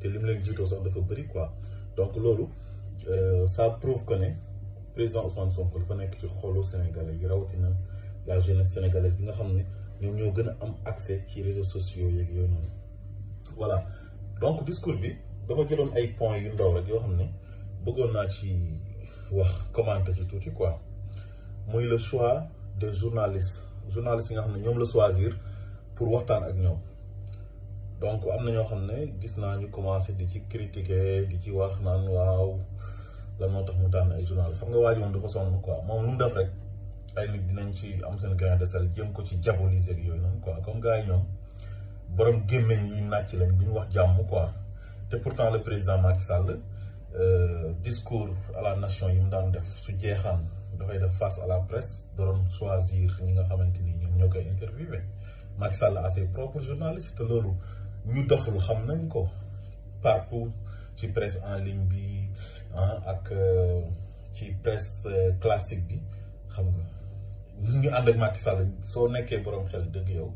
te li mu leen jiitoo sax dafa bëri quoi donc loolu euh, ça prouve que ne président Ousmane Sonko dafa nekk ci xolu Sénégalais yi rawatina la jeunesse sénégalaise bi nga xam ne ñoom ñoo gën a am accès ci réseaux sociaux yeeg yooyu noonu. voilà donc discours bi dama jëloon ay points yu ndaw rek yoo xam ne bëggoon naa ci wax commenter ci tuuti quoi muy le choix de journaliste journaliste yi nga xam ne ñoom la choisir pour waxtaan ak ñoom. donc am na ñoo xam ne gis naa ñu commencé di ci critiquer di ci wax naan waaw la moo tax mu tànn ay journaliste xam nga waa ji du dafa sonn quoi moom lu mu def rek ay nit dinañ ci am seen grain de sel jéem ko ci diaboliser yooyu noonu quoi kom gars yi ñoom borom gémmeñ yi nàcc lañ duñ wax jàmm quoi te pourtant le président Macky Sall euh, discours à la nation yi mu daan def su jeexaan dafay def face à la presse doon choisir ñi nga xamante ni ñoom ñoo koy interviewé Macky Sall a ses propres journalistes te ñu doful xam nañ ko partout ci presse en ligne bi hein ak ci euh, presse euh, classique bi xam nga ñu ànd ak Macky Sall so nekké borom xel deug yow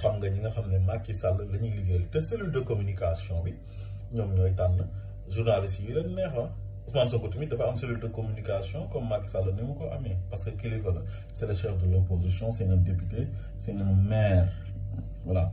xam nga ñi nga xamné Macky Sall lañuy ñuy liggéeyal te cellule de communication bi ñom ñoy tànn journalistes yi leen neex ah Ousmane Sonko tamit dafa am cellule de communication comme Macky Sall ni mu ko amé parce que kilifa la c'est le chef de l'opposition c'est un député c'est un maire voilà.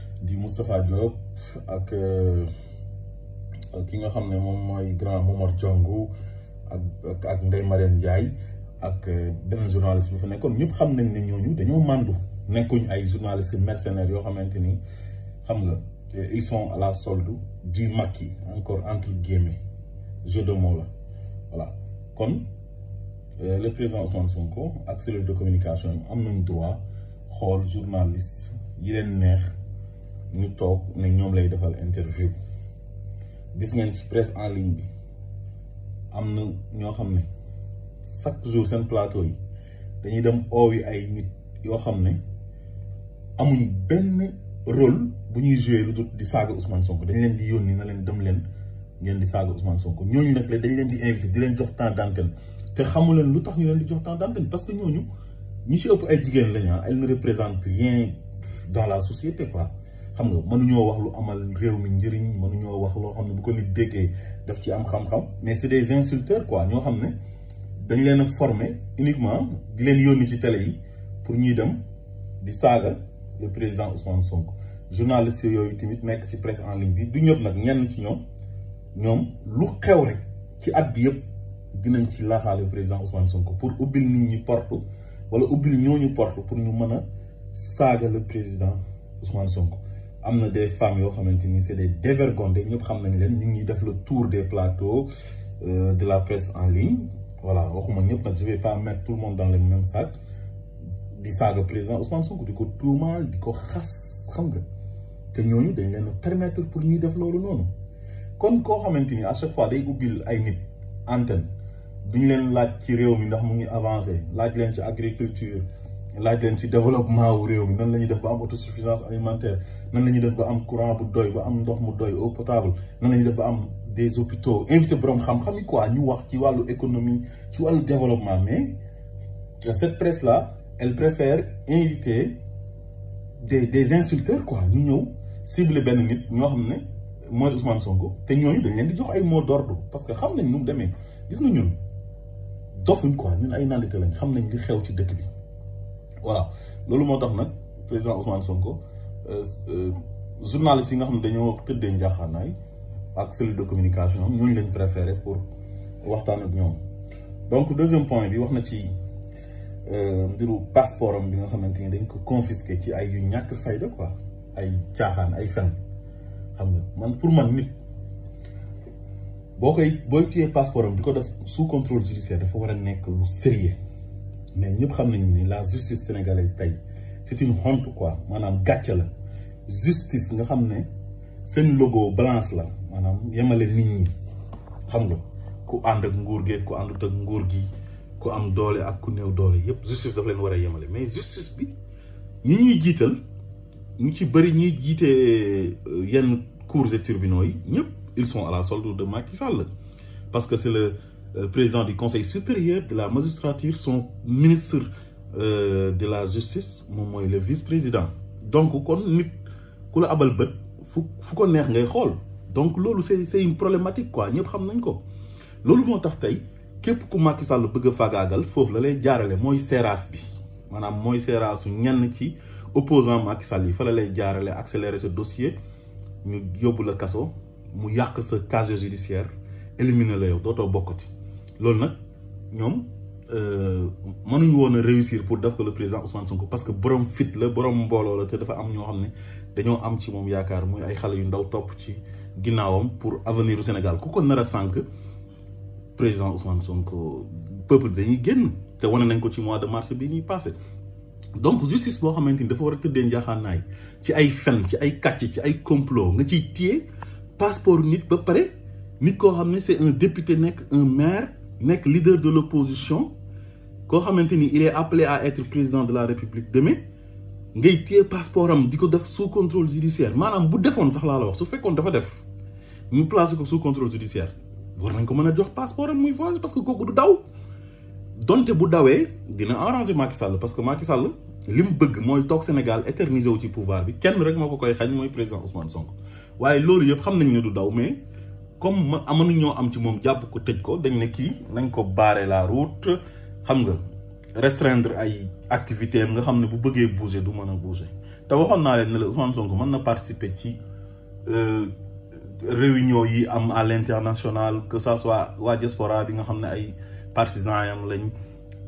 di Moustapha Diop ak euh, ki nga xamné mom moy grand Momar Diongo ak ak Ndeye Marème Ndiaye ak euh, beneen journaliste bi fa nekkoon ñep xam nañ ñooñu dañoo mandu nekkuñ ay journalistes mercenaires yo xamanteni xam nga euh, ils sont à la solde du Macky encore entre guillemets jeu de mots comme voilà le président Ousmane Sonko ak cellule de communication am nañ droit xol journaliste yi leen neex ñu toog ne ñoom lay defal interview ci presse en ligne bi chaque jour plateau yi dañuy dem ay nit benn rôle bu ñuy di Ousmane Sonko dañ leen di yónni na leen dem leen ngeen di saaga Ousmane Sonko leen di temps temps parce que ñooñu ñi ci ëpp ay jigéen ah, elle ne représente rien dans la société quoi. xam nga mënuñoo wax lu amal réew mi njëriñ mënuñoo wax loo xam ne bu ko nit déggee def ci am xam-xam mais c'est des insulteurs quoi ñoo xam ne dañ leen a former uniquement di leen yónni ci télé yi pour ñuy dem di saaga le président Ousmane Sonko journaliste yooyu tamit nekk ci presse en ligne bi du ñëpp nag ñenn ci ñoom ñoom lu xew rek ci at bi yëpp dinañ ci laaxaale président Ousmane Sonko pour ubbil nit ñi porte wala ubbil ñooñu porte pour ñu mën a saaga le président Ousmane Sonko amna des femmes yo xamanteni c'est des dévergondées ñëpp xam nañ leen ñu ngi def le tour des plateaux euh, de la presse en ligne voilà waxuma ñëpp je vais pas mettre tout le monde dans le même sac di le président Ousmane Sonko di ko mal di ko xas xam nga que ñooñu dañ leen permettre pour ñuy def loolu noonu kon ko xamanteni à chaque fois day ubbil ay nit antenne duñ leen laaj ci réew mi ndax mu ngi avancer laaj leen ci agriculture laaj leen ci développement wu réew mi nan la ñuy def ba am autosuffisance alimentaire nan la ñuy def ba am courant bu doy ba am ndox mu doy eau potable nan la ñuy def ba am des hôpitaux invité borom xam-xam yi quoi ñu wax ci wàllu économie ci wàllu développement mais cette presse là elle préfère inviter des des insulteurs quoi ñu ñëw cibler benn nit ñoo xam ne mooy Ousmane Sonko te ñooñu dañ leen di jox ay mots d'ordre parce que xam nañ nu mu demee gis nga ñun dofuñ quoi ñun ay nandite lañ xam nañ li xew ci dëkk bi voilà loolu motax nak président Ousmane Sonko euh, euh, journaliste yi nga xam ne dañoo tëddee njaaxaanaay ak cellule de communication am ñooñu lañ préféré pour waxtaan ak ñom. donc deuxième point bi waxna na ci euh, mbiru passeport am bi nga xamanteni dañ ko confisquer ci ay yu ñak fayda quoi ay tiaxan ay fen xam nga man pour man nit bokay boy booy passeportam diko def sous contrôle judiciaire dafa wara a nekk lu sérieux mais nous savons que la justice sénégalaise c'est une honte quoi Madame justice nous c'est logo balance la Madame, nit ñi xam nga ku ak nguur am doole ak doole justice dafa leen wara a mais justice bi ñi ñi les ñu ci bari ñi jité euh, yenn cours et tribunaux ils sont à la solde de Macky Sall parce que c'est le euh, président du conseil supérieur de la magistrature son ministre euh, de la justice mon mooy le vice-président donc kon nit ku la abal bët ko neex ngay donc loolu c'est c'est une problématique quoi ñëpp xam nañ ko loolu moo tax tey képp ku Macky Sall bëgg a faagaagal foofu la lay jaarale mooy séeraas bi maanaam mooy séeraasu ñenn ci opposant Macky Sall yi fa la lay jaarale accélérer ce dossier ñu yóbbu la kaso mu yàq sa casier judiciaire éliminer la yow dootoo bokkati loolu nak ñom euh mënuñ a réussir pour def ko le président Ousmane Sonko parce que borom fit la borom mbolo la té dafa am ño xamné dañoo am ci mom yaakar muy ay xalé yu ndaw top ci ginnaawam pour avenir au Sénégal ku ko nar président Ousmane Sonko peuple dañuy genn té woné nañ ko ci mois de mars bi ni passé donc justice bo xamante dafa wara a tëddee naay ci ay fen ci ay katch ci ay complot nga ci tié passeport nit ba paré nit ko xamné c'est un député nek un maire. Nek leader de l'opposition ko xamanteni il est appelé à être président de la république demain ngay téye passeport diko def sous contrôle judiciaire manam bu defone sax la la wax su fekkone dafa def ñu placé ko sous contrôle judiciaire war nañ ko mën jox passeport muy voyage parce que koku du daw donte bu dawé dina arranger Macky Sall parce que Macky Sall lim mu bëgg mooy toog Sénégal éterniser wu ci pouvoir bi kenn rek moo koy xañ moy président Ousmane Sonko waye lolu yëpp xam nañ du daw mais comme amanu ñoo am ci mom japp ko tëj ko dañ ne ki nañ ko barrer la route xam nga restreindre ay activités, nga xamne bu bëggee bouger du mëna bouger taw waxon na leen ne Ousmane Sonko mëna participer ci euh, réunion yi am à l'international que ça soit wa diaspora bi nga xamne ay partisans yam lañ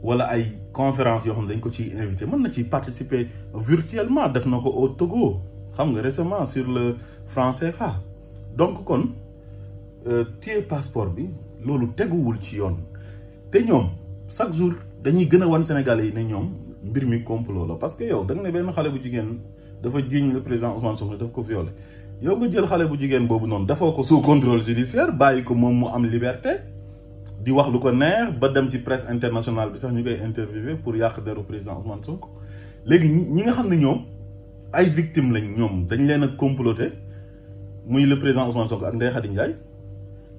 wala ay conférence yo xam ne dañ ko ci inviter mëna ci participer virtuellement def nako au Togo xam nga récemment sur le Français, CFA donc kon euh, téye passeport bi loolu teguwul ci yoon té ñom chaque jour dañuy gëna wone Sénégalais yi ne ñoom mbir mi complot la parce que yow da nga ne xalé bu jigen dafa jign le président Ousmane Sonko daf ko violé yow nga jël xalé bu jigen bobu non dafa ko sous contrôle judiciaire bayiko mom mu am liberté di wax lu ko neex ba dem ci presse internationale bi sax ñu koy interviewé pour yàq deru président Ousmane Sonko légui ñi nga xamné ñom ay victimes lañ ñom dañ leena comploter muy le président Ousmane Sonko ak Ndeye Khady Ndiaye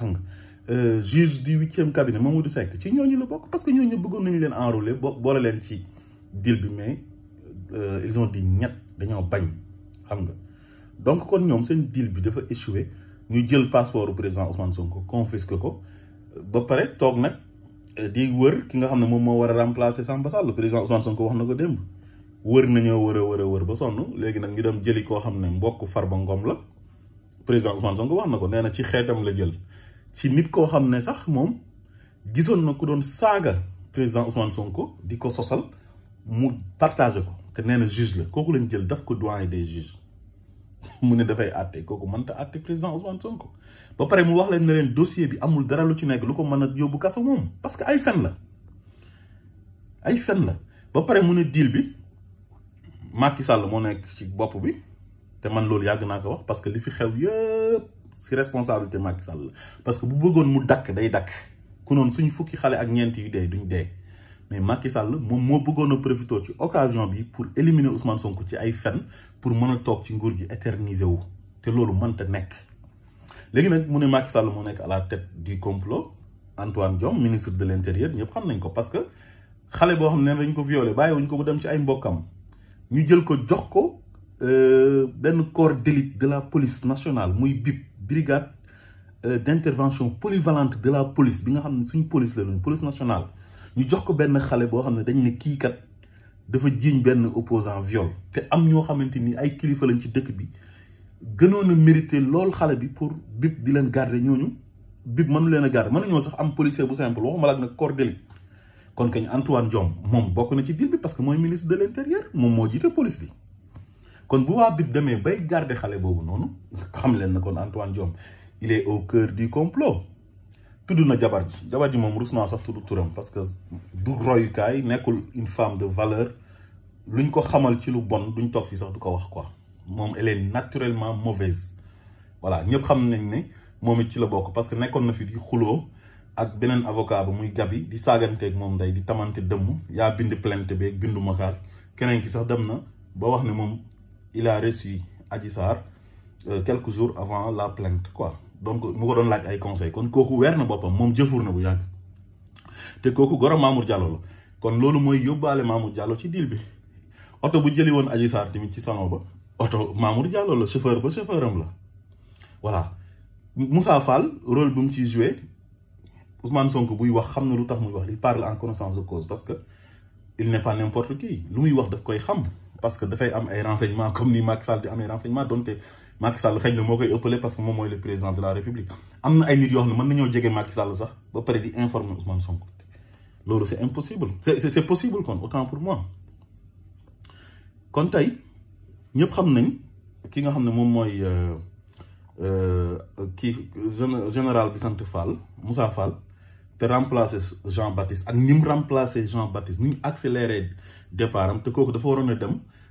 xam nga euh, juge du huitième cabinet Mamadou Seck ci ñooñu la bokk parce que ñooñu bëggoon nañu leen enrôler bo boole leen ci dil bi mais euh, ils ont dit ñett dañoo bañ xam nga donc kon ñoom seen dil bi dafa échoué ñu jël passeport président Ousmane Sonko confisque ko ba pare toog nag euh, di wër ki nga xam ne moom moo war a remplacer Samba Sall président Ousmane Sonko wax na ko démb wër nañoo wër a wër a wër ba sonn léegi nag ñu dem jëli koo xam ne mbokk Farba Ngom la président Ousmane Sonko wax na ko nee na ci xeetam la jël ci nit ko xam sax mom gisoon na doon président Ousmane Sonko diko partagé ko juge la koku lañ jël daf ko doyen des juges mu ne président Ousmane Sonko ba paré mu wax leen leen dossier bi amul dara lu ci parce que ay la ay nous la ba mu deal bi parce que li fi xew c'est responsabilité Macky Sall parce que bu bëggoon mu dak day dak ku non suñu fukki xalé ak ñent yu dee duñ dee mais Macky Sall moom mo bëggoon a ci occasion bi pour éliminer Ousmane Sonko ci ay fen pour mëna tok ci nguur gi éterniser wu té lolu mënta nek légui nak mu né Macky Sall mo nek à la tête du complot Antoine Diom ministre de l'intérieur ñep xam nañ ko parce que xalé bo xam ne dañ ko violé wuñ ko mu dem ci ay mbokam ñu jël ko jox ko ben corps d'élite de la police nationale muy BIP brigade euh, d'intervention polyvalente de la police bi nga xam ne police la doon police nationale ñu jox ko benn xale boo xam ne dañ ne kii kat dafa jiiñ benn opposant viol te am ñoo xamante ni ay kilifa lañ ci dëkk bi gënoon mérité lool xale bi pour bip di leen garder ñooñu bip mënu leen garder garder ñoo sax am policier bu simple waxuma la nak cordeli kon kañ Antoine diom mom bokku na ci biir bi parce que mooy ministre de l'intérieur mom mo jiite police bi kon bu waa bit bay garder xalé bobu nonou xam Antoine Diom. il est au cœur du complot Tout le monde a jabar sax vous touram parce que du une femme de valeur luñ ko xamal ci lu dit duñ vous sax du wax quoi elle est naturellement mauvaise voilà avez xam nañ ne avez ci la parce que na fi di xulo ak avocat gabi di ak mom day di a bind plainte ak bindu makar keneen ki sax dem ba wax ne il a reçu Adji Sarr euh, quelques jours avant la plainte quoi donc mu ko doon laaj ay conseil kon kooku weer na boppam moom jëfur na bu yàgg te kooku goro Mamour Diallo la kon loolu mooy yóbbaale Mamour Diallo ci deal bi oto bu jëli woon Adji Sarr tamit ci salon ba oto Mamour Diallo le chauffeur ba chauffeuram la voilà Moussa Fall rôle bu mu ciy joué Ousmane Sonko buy wax xamna lutax muy wax il parle en connaissance de cause parce que il n'est pas n'importe qui lu muy wax daf koy xam parce que dafay am ay renseignements comme ni Macky Sall di am ay renseignements donc Macky Sall xëy mo koy parce que mom moy le président de la république amna ay nit yo xam ne mën nañoo jege Macky Sall sax ba paré di informer Ousmane Sonko lolu c'est impossible C'est c'est possible kon autant pour moi kon tay ñëpp xam nañ ki nga mom moy euh euh qui général bi Fall Moussa Fall te remplacer Jean Baptiste ak ni mu remplacer Jean Baptiste ni ñu accéléré départ am te kooku dafa waroon a dem.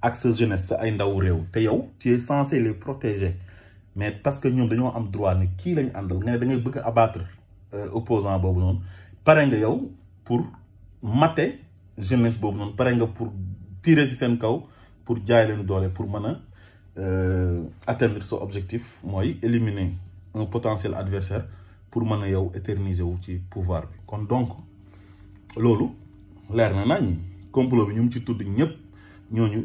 accès jeunesse ay ndaw rew te yow tu es censé les protéger mais parce que ñoom dañu am droit ni ki lañ andal nga da ngay bëgg abattre euh, opposant bobu non pare nga yow pour mater jeunesse bobu non pare nga pour tirer ci sen kaw pour jaay leen doole pour mëna euh, atteindre son objectif moy éliminer un potentiel adversaire pour mëna yow éterniser wu ci pouvoir bi kon donc lolu leer na nañ complot bi ñum ci tudd ñëpp ñooñu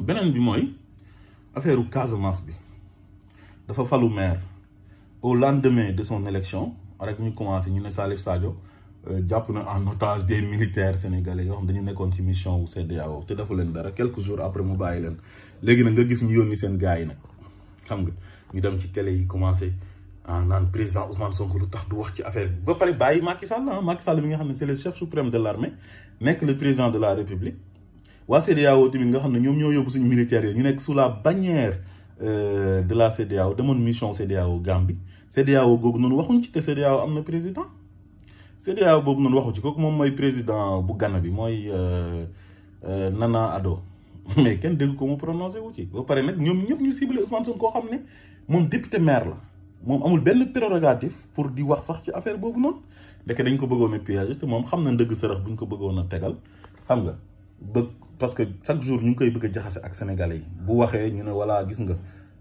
benen bi moy affaireu Casamance bi dafa fallu maire au lendemain de son élection rek ñu commencé ñu ne Salif Sadio euh, jàpp na en otage des militaires sénégalais yo xam dañu nékkon ci mission wu cdao té dafa leen dara quelques jours après mu bàyyi leen légui nag nga gis ñu yoni sen gaay nak xam nga ñu dem ci télé yi commencé nan président Ousmane Sonko lu tax du wax ci affaire ba pare bàyyi Macky Sall ah, Macky Sall mi nga xam c'est le chef suprême de l'armée nek le président de la République. waa CEDEAO tamit nga xam ne ñoom ñoo yóbbu suñu militaires yi ñu nekk sous la bannière euh, de la CEDEAO demoon mission CEDEAO Gambie CEDEAO googu noonu waxuñ ci te CEDEAO am na président CEDEAO boobu noonu waxu ci kooku moom mooy président bu Ghana bi mooy euh, euh, Nana Addo mais kenn dégg ko mu prononcé wu ci ba pare nag ñoom ñëpp ñu ciblé Ousmane Sonko koo xam ne moom député maire la moom amul benn prérogative pour di wax sax ci affaire boobu noonu ndeke dañ ko bëggoon a piéger moom xam na ndëgg sërëx bu ñu ko bëggoon a tegal xam nga bëgg parce que chaque jour ñu ngi koy bëgg jaxase ak sénégalais yi bu waxee ñu ne voilà gis nga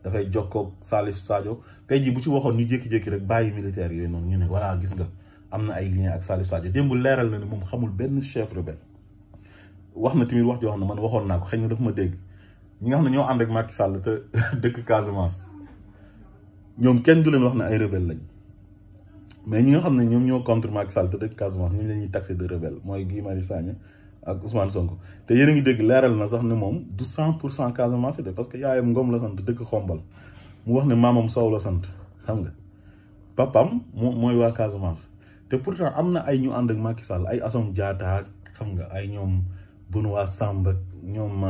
dafay jox jokkoo Salif Sadio tey ji bu ci waxoon ñu jékki-jékki rek bàyyi militaire yooyu noonu ñu ne voilà gis nga am na ay lien ak Salif Sadio démb leeral na ne moom xamul benn chef rebelle wax na tamit wax joo xam ne man waxoon naa ko xëy na daf ma dégg ñi nga xam ne ñoo ànd ak Macky Sall te dëkk Casamance ñoom kenn du leen wax na ay rebelle lañ mais ñi nga xam ne ñoom ñoo contre Macky Sall te dëkk Casamance ñoom la ñuy taxé de rebelle mooy Guy Marius ak Ousmane Sonko te yéen ngi dégg laaral na sax ne moom du cent pour cent Casamance de parce que yaayam Ngom la sant dëkk xombal mu wax ne maamam Sow la sant xam nga papam moom mooy waa Casamance te pourtant am na ay ñu ànd ak Macky Sall ay Assome Diatta xam nga ay ñoom Benoît Sambou ñoom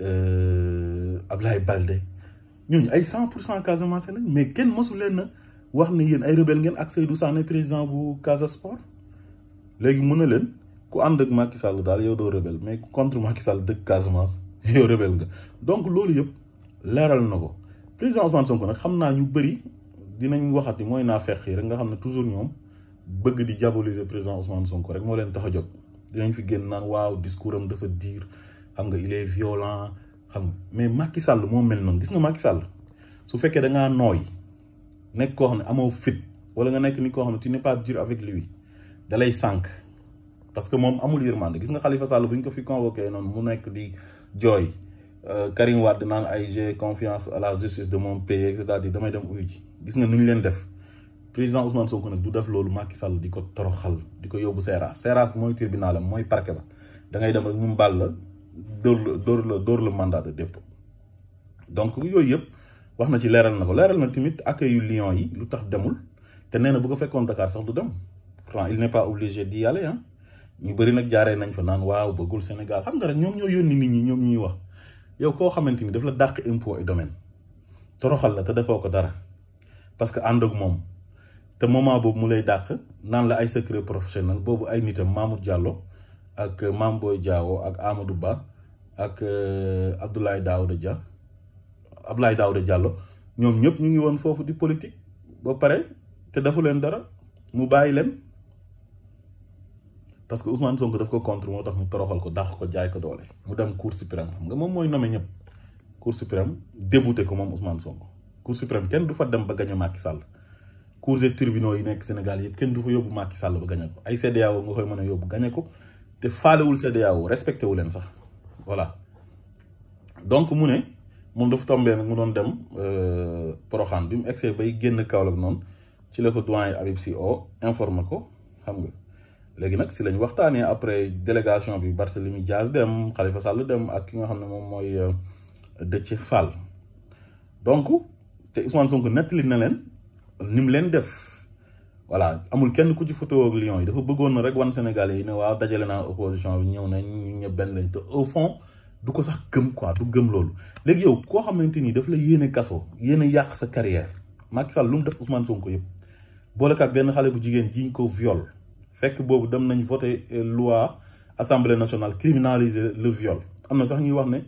euh, Ablaye Balde ñooñu ay cent pour cent Casamance lañ mais kenn mosu leen na wax ne yéen ay rebelle ngeen ak du Sané président bu Casa Sport léegi mën na leen. ku ànd ak Macky Sall daal yow doo rebelle mais ku contre Macky Sall dëkk Casamance yow rebelle nga donc loolu yëpp leeral na ko président son Sonko nag xam naa ñu bëri dinañ yi mooy naa feq yi rek nga xam ne toujours ñoom bëgg di diaboliser président Ousmane Sonko rek moo leen tax a jóg dinañ fi génn naan waaw discours am dafa diir xam nga il est violent xam nga mais Macky Sall moo mel noonu gis nga Macky Sall su fekkee da ngaa nooy nekk koo xam ne amoo wala nga nekk ni koo xam ne tu n'es pas dur avec lui dalay sànq. parce que mom amul yërmande gis nga Khalifa sallou buñ ko fi convoqué non mu nek di joy, euh, Karim Wade naan ay j'ai confiance à la justice de mon pays c'est-à-dire damay dem uyu ji gis nga nuñ len def président Ousmane Sonko nag du def loolu Macky Sall diko toroxal diko yobu yóbbu Seras moy tribunal moy parquet ba da ngay dem rek ñu mbal la dor le dóor la mandat de dépôt donc yooyu yëpp wax na ci leeral na ko leeral na timit accueil lion yi lutax demul te nee na bu ko fekkon Dakar sax du dem pourtant il n'est pas obligé d'y aller hein. ñu bari nak jaaré nañ fa naan waaw bëggul sénégal xam nga ñom ñoom ñoo yónni nit ñi ñom ñuy wax yow ko xamanteni dafa la dakk impôt et domaine toroxal la te defoo ko dara parce que ànd ak moom te moment bobu mu lay dakk naan la ay secret professionnel bobu ay nitam mamoud diallo ak euh, mam boy diawo ak amadou ba ak euh, abdoulaye daouda dia abdoulaye daouda diallo ñom ñep ñu ngi won fofu di politique ba paré te dafa len dara mu bayi len parce que Ousmane Sonko daf ko contre moo tax mu toroxal ko dàq ko jaay ko doole mu dem cour suprême xam nga moom mooy nommé ñëpp cour suprême débouté ko moom Ousmane Sonko cour suprême kenn du fa dem ba gaño Macky Sall cours et tribunaux yi nekk Sénégal yëpp kenn du fa yóbbu Macky Sall ba gañe ko ay CEDEAO nga koy mën a yóbbu gañe ko te faalewul CEDEAO respecté wu leen sax voilà donc mu ne moom dafa tombee nag mu doon dem euh, Poroxaan bi mu egsee bay génn Kaolack noonu ci la ko doyen Habib ko xam nga léegi nag si lañ waxtaanee après délégation bi Barthélemy Dias dem Khalifa Sall dem ak ki nga xam ne moom mooy euh, Déthié Fall donc te Ousmane Sonko nettali na leen ni mu leen def voilà amul kenn ku ci photo ak yi dafa bëggoon na rek wan Sénégalais yi ne waaw dajale naa opposition bi ñëw nañ ñëpp benn lañ te au fond du ko sax gëm quoi du gëm loolu léegi yow koo xamante ni daf la yéene kaso yéene yàq sa carrière Macky Sall lu mu def Ousmane Sonko yëpp boolekaat benn xale jigéen jiñ ko viol fekk boobu dem nañ voté euh, loi assemblée nationale criminaliser le viol am na sax ñuy wax ne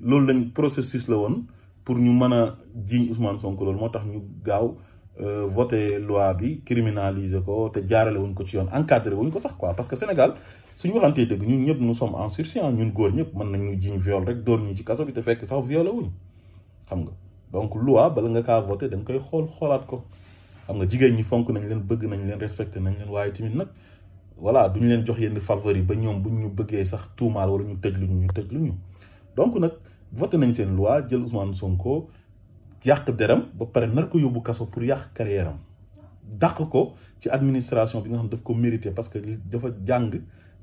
loolu lañ processus la woon pour ñu mën a jiiñ Ousmane Sonko loolu moo tax ñu gaaw euh, voté loi bi criminaliser ko te jaarale wuñ ko ci yoon encadré wuñ ko sax quoi parce que Sénégal suñu waxantee dëgg ñun ñëpp nous sommes en sursis ñun góor ñëpp mën nañ ñu jiiñ viol rek door ñu ci kaso bi te fekk sax violé wuñ xam nga donc loi bala nga kaa voté da nga koy xool xoolaat ko xam nga jigéen ñi fonk nañ leen bëgg nañ leen respecté nañ leen waaye tamit nag voilà duñ leen jox yenn faveur yi ba ñoom buñ ñu bëggee sax tuumaal wala ñu tëj luñu ñu tëj luñu donc nag voté nañ seen loi jël Ousmane Sonko yàq deram ba pare nar ko yóbbu kaso pour yàq carrière am dàq ko ci administration bi nga xam daf ko mérité parce que dafa jàng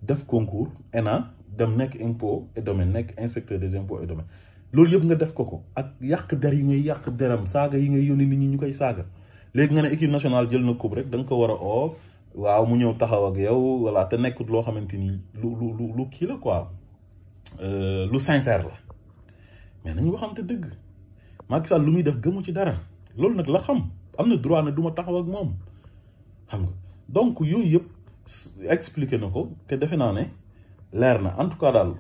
def concours ENA dem nekk impôt et domaine nekk inspecteur des impôts et domaine loolu yëpp nga def ko ko ak yàq der yi ngay yàq deram saaga yi ngay yónni nit ñi ñu koy saaga léegi nga ne équipe nationale jël na coupe rek da ko war a oo waaw mu ñëw taxaw ak yow voilà te nekkut loo xamante ni lu lu lu lu kii la quoi euh, lu sincère mais nañu waxante dëgg Macky lu muy def gëmu ci dara loolu nag la am na droit du ma taxaw ak moom xam nga donc yooyu yëpp expliqué na ko te defe naa ne leer na en tout cas daal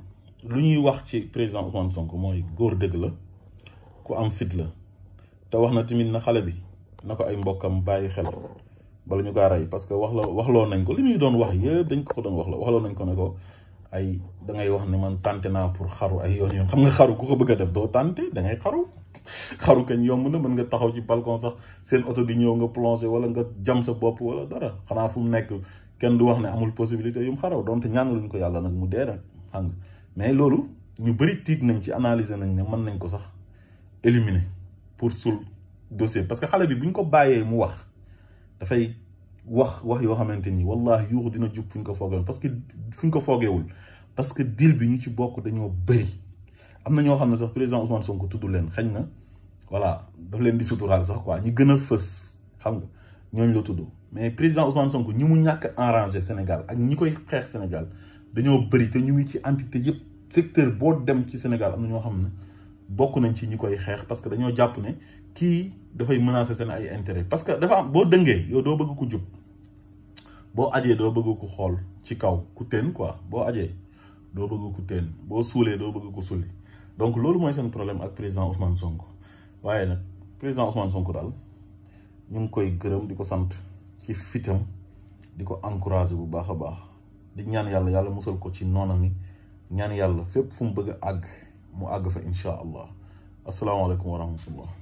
lu ñuy wax ci président Ousmane Sonko mooy góor dëgg la ku am fit la te wax na tamit na xale bi na ko ay mbokkam bàyyi xel. bala ñu kaa ray parce que wax la waxloo nañ ko limuy doon wax yeb dañ ko doon wax la nañ ko ne ko ay da ngay wax ni man tante na pour xaru ay yoon yoon xam nga xaru ku ko bëgg def do tante da ngay xaru xaru kañ yomb na mën nga taxaw ci balcon sax seen oto di ñëw nga plonger wala nga jam sa bop wala dara xana fu mu nekk kenn du wax ne amul possibilité yum xaraw donte ñaan luñ ko yalla nak mu dee nag xam nga mais lolu ñu bari tiit nañ ci analyser nañ ne man nañ ko sax éliminer pour sul dossier parce que xalé bi buñ ko bayé mu wax dafay wax wax yoo xamante ni wallahi yuux dina jub fu ñu ko foogewul parce que fu ko foogewul parce que deal bi ñu ci bokk dañoo bëri am na ñoo xam ne sax président Ousmane Sonko tudd leen xañ na voilà daf leen di suturaal sax quoi ñi gën a fës xam nga ñooñu la tudd mais président Ousmane Sonko ñi mu ñàkk arrangé Sénégal ak ñi koy xeex Sénégal dañoo bëri te ñu ngi ci entité yëpp secteur boo dem ci Sénégal am na ñoo xam ne bokk nañ ci ñi koy xeex parce que dañoo jàpp ne kii dafay menacer seen ay intérêt parce que dafa am boo dëngee yow doo bëgg ko jub boo ajee doo bëgg ko xool ci kaw ku teen quoi boo ajee doo bëgg ku teen boo suulee doo bëgg ko suule donc loolu mooy seen problème ak président Ousmane Sonko waaye nag président Ousmane Sonko daal ñu ngi koy gërëm di ko sant ci fitam di ko encourager bu baax a baax di ñaan yàlla yàlla musal ko ci noonam ñaan yàlla fépp fu mu bëgg àgg mu àgg fa incha allah asalaamaaleykum wa